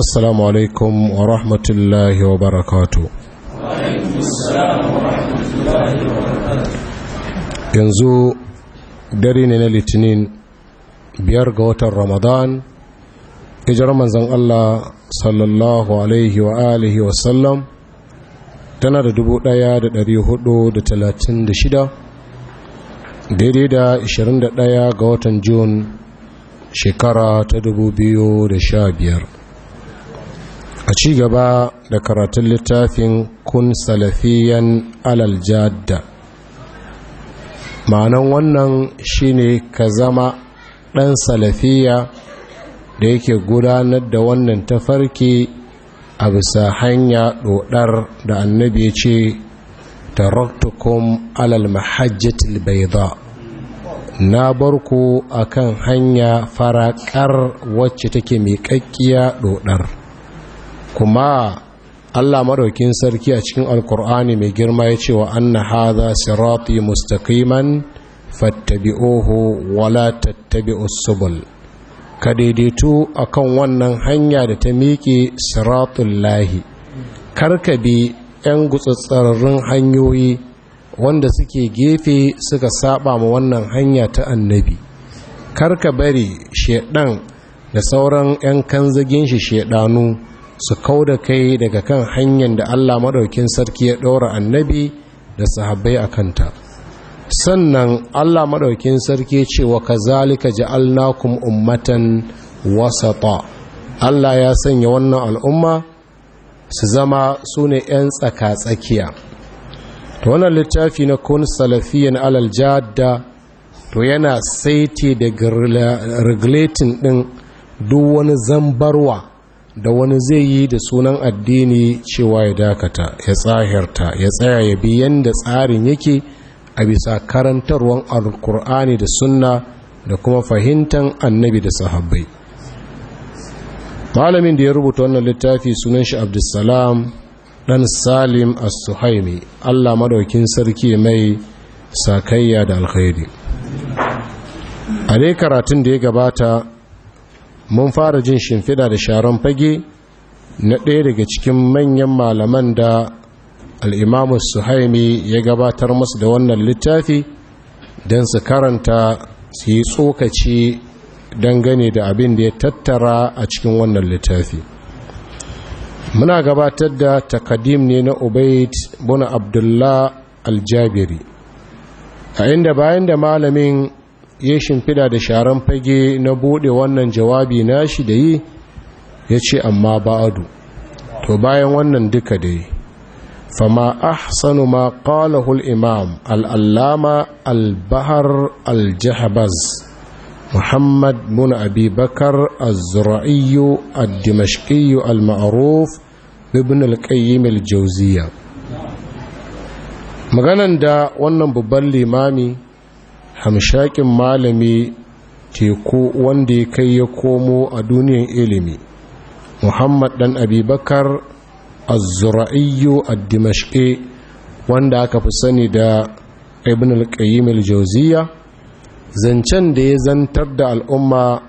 assalamu alaikum wa rahmatullahi wa barakatu yanzu dare ne na litinin biyar ga watan ramadan ijar manzan Allah sallallahu alaihi wa alihi wa sallam tana da shida, daidai da ɗaya ga watan Jun shekara ta biyu da sha biyar. a ci gaba da karatun littafin kun salafiyan alal jadda ma'anan wannan shine ka zama ɗan salafiya da yake gudanar da wannan ta tafarki a bisa hanya ɗoɗar da annabi ce ta taraktukum alal mahajjatil baida na bar barku kan hanya faraƙar wacce take miƙaƙƙiya ɗoɗar kuma Allah maraukin sarki a cikin alkur'ani mai girma ya ce wa anna hadha sirati mustaqiman fattabi'uhu wala tattabiu subul ka daidaito akan wannan hanya da ta miƙe siratul lahi bi yan gutsatsararrun hanyoyi wanda suke gefe suka saba ma wannan hanya ta annabi karka bari shedan da sauran yan kanzagin shi shedanu su kau da kai daga kan hanyar da Allah maɗaukin sarki ya ɗora annabi da sahabbai a kanta sannan Allah maɗaukin sarki ce wa ka zalika ja'alnakum ummatan wasata Allah ya sanya wannan al'umma su zama su ne ‘yan tsaka-tsakiya ta wannan littafi na kun salafiyan alal jadda to yana saiti da regulating ɗin duk wani zambarwa da wani zai yi da sunan addini cewa ya dakata ya tsahirta ya tsaya ya bi yadda tsarin yake a bisa karantarwar alkur'ani da sunna da kuma fahimtar annabi da sahabbai malamin da ya rubuta wannan littafi sunan shi abdulsalam dan salim as-suhaimi allah madaukin sarki mai sakayya da alkhairi a dai karatun da ya gabata mun fara jin shimfiɗa da sharon fage na ɗaya daga cikin manyan malaman da al'imamu suhaimi ya gabatar musu da wannan littafi don su karanta su yi tsokaci dangane da abin da ya tattara a cikin wannan littafi muna gabatar da takadim ne na ubaid Buna abdullah aljabiri a inda bayan da malamin ya shimfida da sharan fage na bude wannan jawabi na shi da yi ya ce amma ba'adu to bayan wannan duka da yi fama ahsanu ma qalahul imam al'allama al-bahar al-jahabaz محمد بن أبي بكر الزرعي الدمشقي المعروف بابن القيم maganan da wannan babban limami hamshakin malami teku wanda ya kai ya komo a duniyan ilimi muhammad dan Abibakar az-zura'iyyu wanda aka fi sani da ibn alƙayyim qayyim zancen da ya zantar da al'umma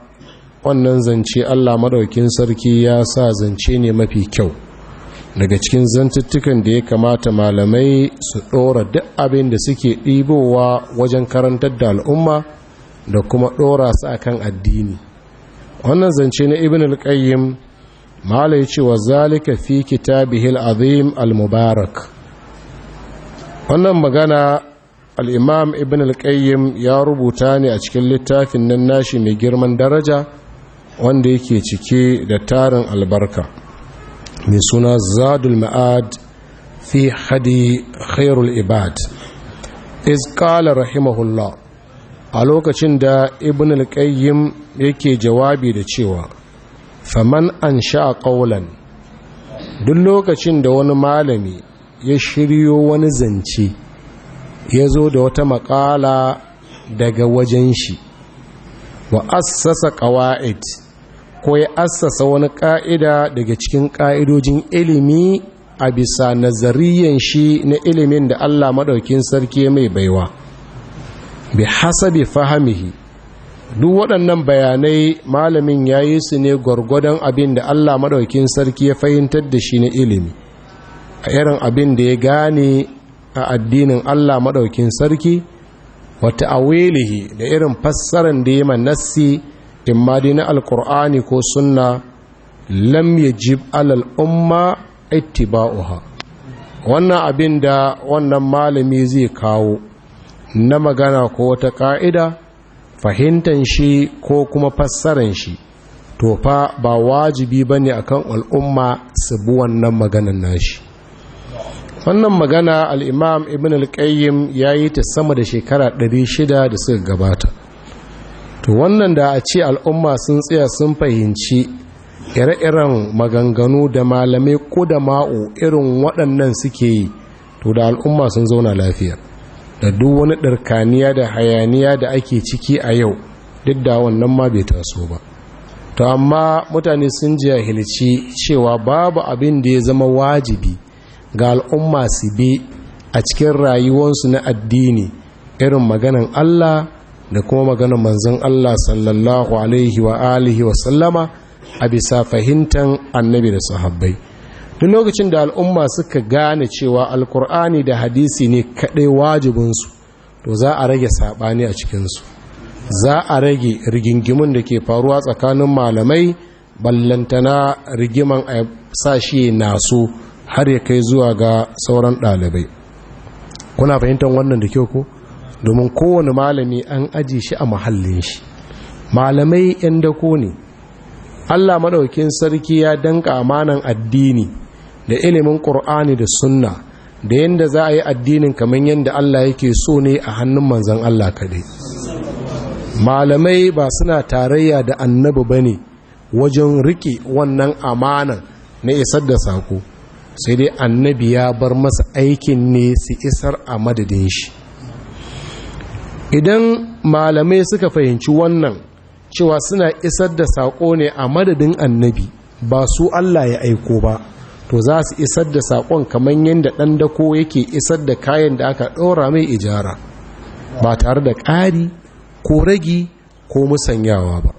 wannan zance Allah maɗaukin sarki ya sa zance ne mafi kyau daga cikin zantattukan da ya kamata malamai su ɗora duk abin da suke ɗibowa wajen karantar da al'umma da kuma ɗora su akan addini wannan zance na ibn al-qayyim malai cewa zalika fi kitabihil azim al-mubarak wannan magana al’imam ibn al ya rubuta ne a cikin littafin nan nashi mai girman daraja wanda yake cike da tarin albarka mai suna zadul ma'ad fi hadi khairul ibad izkala rahimahullah a lokacin da ibn al yake jawabi da cewa faman an sha ƙaulan duk lokacin da wani malami ya shiryo wani zance ya zo da wata makala daga wajen shi wa assasa ƙawa'id ko ya assasa wani ƙa'ida daga cikin ƙa'idojin ilimi a bisa nazariyan shi na ilimin da Allah maɗaukin sarki mai baiwa bi hasabi fahamihi duk waɗannan bayanai malamin ya yi su ne gwargwadon abin da Allah maɗaukin sarki ya fahimtar da shi na ilimi a irin abin da ya gane a addinin Allah maɗaukin sarki wata awelihi da irin fassarar da ya manassi ma dai na alkur'ani ko sunna lam yajib alal umma ittiba'uha wannan abin da wannan malami zai kawo na magana ko wata ka'ida fahimtan shi ko kuma fassaran shi to fa ba wajibi bane akan al'umma su bi wannan maganan nashi wannan magana al-imam ibn al-qayyim yayi ta sama da shekara 600 da suka gabata to wannan da a ce al'umma sun tsaya sun fahimci ire-iren maganganu da malamai ko da ma'u irin waɗannan suke yi to da al'umma sun zauna lafiya da duk wani ɗarkaniya da hayaniya da ake ciki a yau duk da wannan ma bai taso ba to amma mutane sun jahilci cewa babu abin da ya zama wajibi ga al'umma su bi a cikin rayuwarsu na addini irin maganan Allah da kuma maganar manzon Allah sallallahu alaihi wa alihi wa sallama a bisa fahimtar annabi da sahabbai duk lokacin da al'umma suka gane cewa alkur'ani da hadisi ne kaɗai wajibinsu to za a rage saɓani a cikinsu za a rage rigingimin da ke faruwa tsakanin malamai ballantana rigiman a sa sashi nasu har ya kai zuwa ga sauran ɗalibai kuna fahimtar wannan da kyau ko? domin kowane malami an aji shi a mahallin shi malamai 'yan dako ne allah maɗaukin sarki ya danka amanan addini da ilimin ƙur'ani da sunna da yadda za a yi addinin kamar yadda allah yake so ne a hannun manzan allah kaɗai malamai ba suna tarayya da annabi ba ne wajen riƙe wannan amanan na isar da sako sai dai annabi ya bar masa aikin ne su isar a madadin shi idan malamai suka fahimci wannan cewa suna isar da saƙo ne a madadin annabi ba su Allah ya aiko ba to za su isar da saƙon kamar yadda ɗan dako yake isar da kayan da aka ɗora mai ijara ba tare da ƙari ko ragi ko musanyawa ba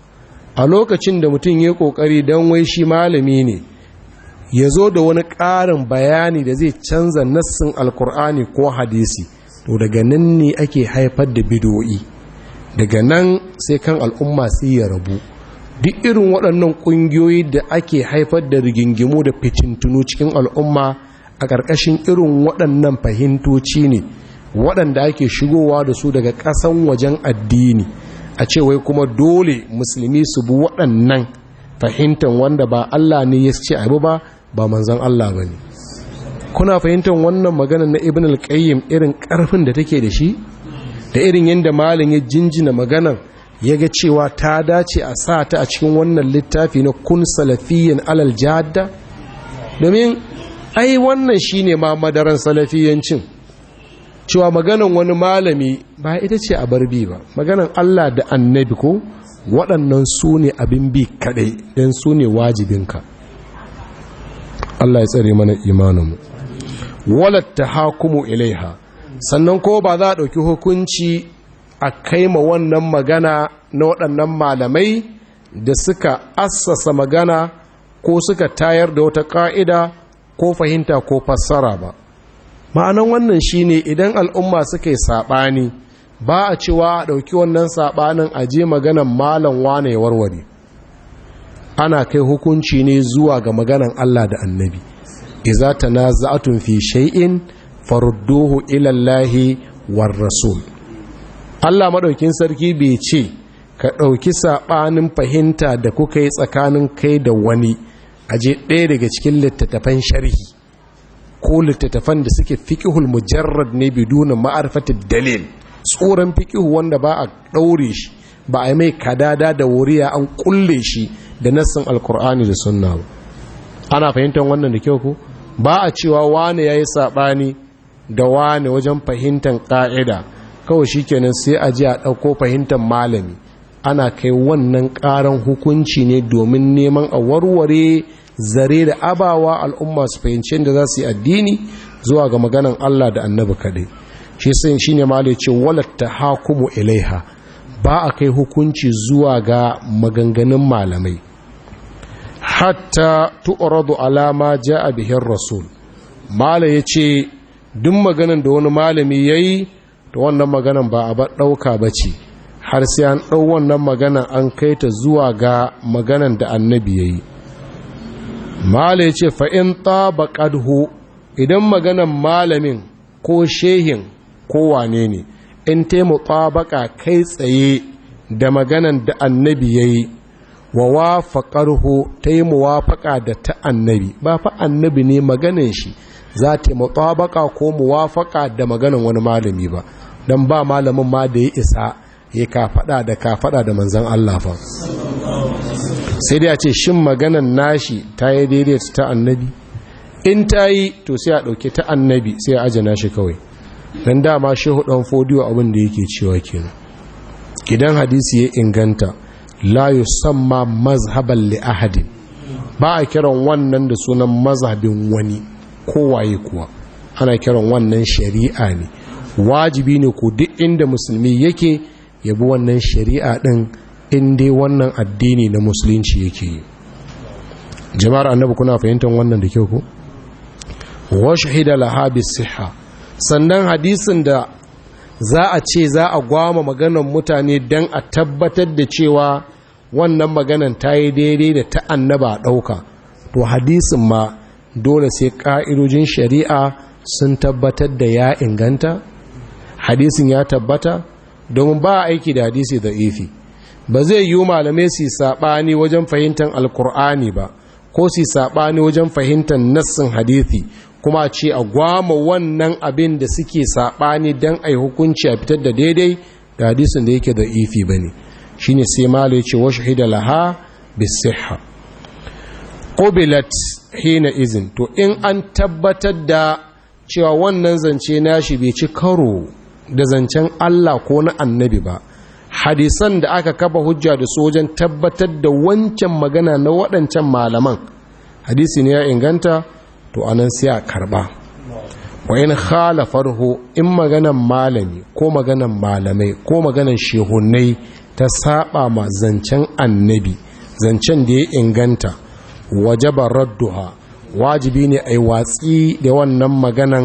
a lokacin da mutum ya ƙoƙari don wai shi malami ne ya zo da wani ƙarin bayani da zai canza nassin alkur'ani ko hadisi to daga nan ne ake haifar da bidoyi daga nan sai kan al'umma sai ya rabu duk irin waɗannan ƙungiyoyi da ake haifar da rigingimu da fitintunu cikin al'umma a ƙarƙashin irin waɗannan fahimtoci ne waɗanda ake shigowa da su daga ƙasan wajen addini a ce kuma dole musulmi su bi waɗannan fahimtar wanda ba Allah ne ya ce abu ba ba manzan Allah ba ne kuna fahimtar wannan maganar na ibn al-qayyim irin karfin da take da shi da irin yanda malin ya jinjina maganar ya ga cewa ta dace a sa ta a cikin wannan littafi na kun salafiyyan alal jadda domin ai wannan shine ma madaran salafiyancin cewa maganar wani malami ba ita ce a barbi ba Maganar Allah da annabi ko waɗannan su ne abin bi kaɗai don su ne wajibinka Allah ya tsare mana imaninmu wala hakumu ilaiha sannan ko ba za a ɗauki hukunci a kai ma wannan magana na waɗannan malamai da suka assasa magana ko suka tayar da wata ƙa'ida ko fahimta ko fassara ba ma'anan wannan shine idan al'umma suka yi saɓani ba a cewa a ɗauki wannan saɓanin a je maganan malam wane warware ana kai hukunci ne zuwa ga maganan Allah da annabi iza tanaza'atun fi shay'in farudduhu ila war rasul Allah maɗaukin sarki bai ce ka ɗauki saɓanin fahimta da kuka yi tsakanin kai da wani aje ɗaya daga cikin littattafan sharhi ko littattafan da suke fiqhul mujarrad ne biduna ma'rifatid dalil tsoron fiƙihu wanda ba a daure shi ba a mai kadada da wuriya an kulle shi da nassin alkur'ani da sunna ba ana fahimtar wannan da kyau ko ba a cewa wane ya yi saɓani da wane wajen fahimtar ƙa'ida kawai shi kenan sai a ji a ɗauko fahimtar malami ana kai wannan ƙaran hukunci ne domin neman a warware zare da abawa al'umma su fahimci da za su yi addini zuwa ga maganan Allah da annabi kaɗai shi sai shi ne malai ce walatta hakumu ilaiha ba a kai hukunci zuwa ga maganganun malamai hatta tu'radu alama ja'a bihin rasul mala yace duk maganan da wani malami yayi to wannan maganan ba a ɗauka ba ce har sai an ɗau wannan magana an kai ta zuwa ga maganan da annabi yayi mala yace fa in tabaqadhu idan maganan malamin ko shehin ko wane ne in taimu tabaka kai tsaye da maganan da annabi yayi wa wafaƙarhu ta yi muwafaƙa da ta annabi ba fa annabi ne maganin shi za ta mutabaka ko muwafaƙa da maganar wani malami ba don ba malamin ma da ya isa ya kafaɗa da kafaɗa da manzon Allah fa sai dai a ce shin maganan nashi ta yi daidaita ta annabi in ta yi to sai a ɗauki ta annabi sai a ajana nashi kawai don dama shehu ɗan fodiyo abin da yake cewa kenan idan hadisi ya inganta لا يسمى mazhaban li با كيرون kiran wannan da sunan mazhabin wani kowaye kuwa ana kiran wannan shari'a ne wajibi ne ku duk inda musulmi yake ya bi wannan shari'a din inda wannan addini na musulunci yake yi jama'ar annabi kuna fahimtar wannan da kyau ko washhida laha bisihha sannan hadisin da za a ce za a gwama maganar mutane dan a tabbatar da cewa wannan maganan ta yi daidai da ta annaba ɗauka to hadisin ma dole sai ƙa'idodin shari'a sun tabbatar da ya inganta hadisin ya tabbata domin ba aiki da hadisi da ifi ba zai yi malamai su saɓani wajen fahimtar alkur'ani ba ko su saɓani wajen fahimtar nassin hadisi kuma ce a gwama wannan abin da suke saɓani don a yi hukunci a fitar da daidai da hadisin da yake da ifi ba ne shine sai malu ya ce washhida laha bisihha qubilat hina izin to in an tabbatar da cewa wannan zance nashi bai ci karo da zancen Allah ko na annabi ba hadisan da aka kafa hujja da sojan tabbatar da wancan magana na waɗancan malaman hadisi ne ya inganta to anan sai a karɓa. wa in khalafarhu in maganan malami ko maganan malamai ko maganan shehunai ta saba ma zancen annabi zancen da ya inganta wajaba radduha wajibi ne a watsi da wannan maganan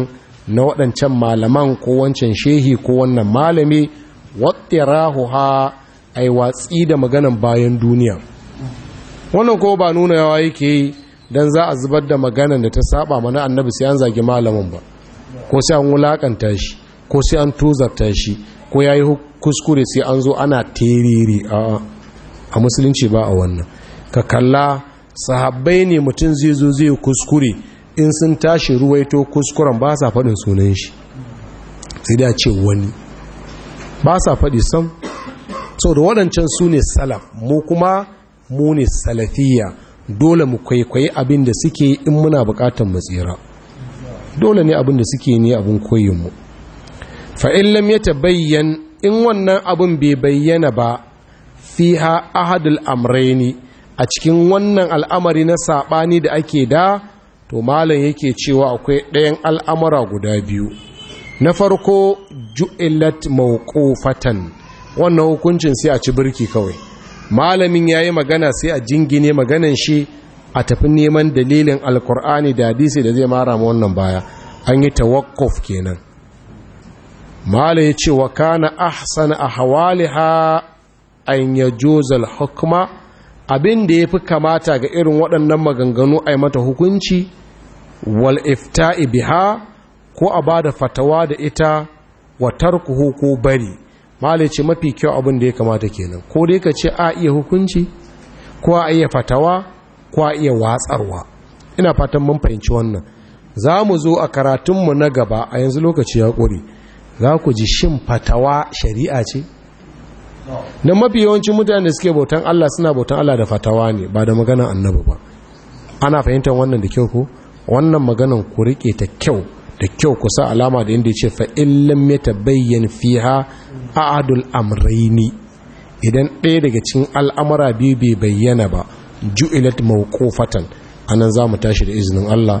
na waɗancan malaman ko wancan shehi ko wannan malami wattirahuha a watsi da maganan bayan duniya wannan ko ba nuna yawa yake yi don za a zubar da maganan da ta saba mana annabi sai an zagi malamin ba ko sai an wulakanta shi ko sai an tozarta shi ko ya yi kuskure sai an zo ana teriri a musulunci ba a wannan ka kalla sahabbai ne mutum zai zo zai kuskure in sun tashi ruwaito kuskuren ba sa faɗin sunan shi sai da ce wani ba sa faɗi sam sau da waɗancan su ne salaf mu kuma mu ne salafiya dole mu kwaikwayi abin da suke in muna buƙatar matsira dole ne abin da suke ne abin koyinmu fa'in lam ya in wannan abun bai bayyana ba fiha ahadul amraini a cikin wannan al'amari na saɓani da ake da to malam yake cewa akwai ɗayan al'amara guda biyu na farko ju'ilat mawqufatan wannan hukuncin sai a ci birki kawai malamin ya yi magana sai a jingine maganan shi a tafi neman dalilin alkur'ani da hadisi da zai mara ma wannan baya an yi tawakkuf kenan mala ya ce wa kana ahsana ahwaliha an yajuzal hukma abin da fi kamata ga irin waɗannan maganganu ai mata hukunci wal ifta'i biha ko a bada fatawa da ita wa tarkuhu ko bari mala ya ce mafi kyau abin da ya kamata kenan ko dai ka ce a iya hukunci ko a iya fatawa ko a iya watsarwa ina fatan mun fahimci wannan za mu zo a karatunmu na gaba a yanzu lokaci ya ƙure za ku ji shin fatawa shari'a ce na mafi yawancin mutane da suke bautan Allah suna bautan Allah da fatawa ne ba da maganan annabi ba ana fahimtar wannan da kyau ko wannan maganan ku rike ta kyau da kyau ku sa alama da inda ya ce fa illam yatabayyan fiha ahadul amraini, idan ɗaya daga cikin al'amura biyu bai bayyana ba ju'ilat mawqufatan anan mu tashi da izinin Allah